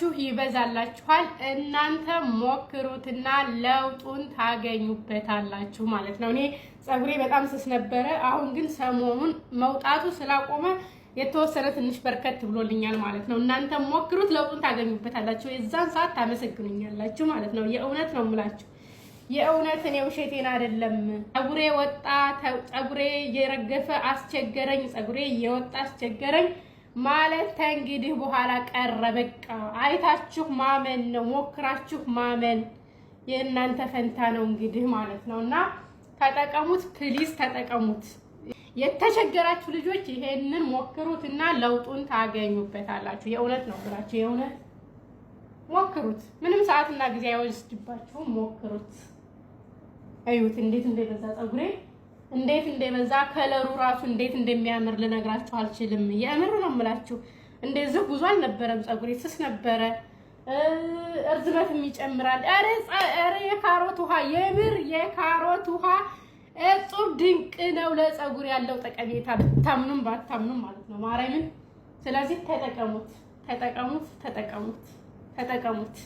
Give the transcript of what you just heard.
ጊዜያችሁ ይበዛላችኋል። እናንተ ሞክሩትና ለውጡን ታገኙበታላችሁ ማለት ነው። እኔ ፀጉሬ በጣም ስስ ነበረ። አሁን ግን ሰሞኑን መውጣቱ ስላቆመ የተወሰነ ትንሽ በርከት ብሎልኛል ማለት ነው። እናንተ ሞክሩት፣ ለውጡን ታገኙበታላችሁ። የዛን ሰዓት ታመሰግኑኛላችሁ ማለት ነው። የእውነት ነው የምላችሁ የእውነት እኔ ውሸቴን አይደለም። ጸጉሬ ወጣ፣ ፀጉሬ እየረገፈ አስቸገረኝ፣ ፀጉሬ እየወጣ አስቸገረኝ። ማለት ተእንግዲህ በኋላ ቀረ። በቃ አይታችሁ ማመን ነው፣ ሞክራችሁ ማመን የእናንተ ፈንታ ነው እንግዲህ ማለት ነው። እና ተጠቀሙት፣ ፕሊዝ ተጠቀሙት። የተቸገራችሁ ልጆች ይሄንን ሞክሩት እና ለውጡን ታገኙበታላችሁ። የእውነት ነው ብላችሁ የእውነት ሞክሩት። ምንም ሰዓትና ጊዜ አይወስድባችሁም። ሞክሩት፣ እዩት እንዴት እንደበዛ ፀጉሬ እንዴት እንደበዛ ከለሩ ራሱ እንዴት እንደሚያምር ልነግራችሁ አልችልም። የምር ነው የምላችሁ። እንደዚህ ብዙ አልነበረም። ፀጉሬ ስስ ነበረ። እርዝመትም ይጨምራል። ኧረ የካሮት ውሃ የምር የካሮት ውሃ እጹብ ድንቅ ነው ለፀጉር ያለው ጠቀሜታ፣ ብታምኑም ባታምኑም ማለት ነው። ማርያምን። ስለዚህ ተጠቀሙት፣ ተጠቀሙት፣ ተጠቀሙት፣ ተጠቀሙት።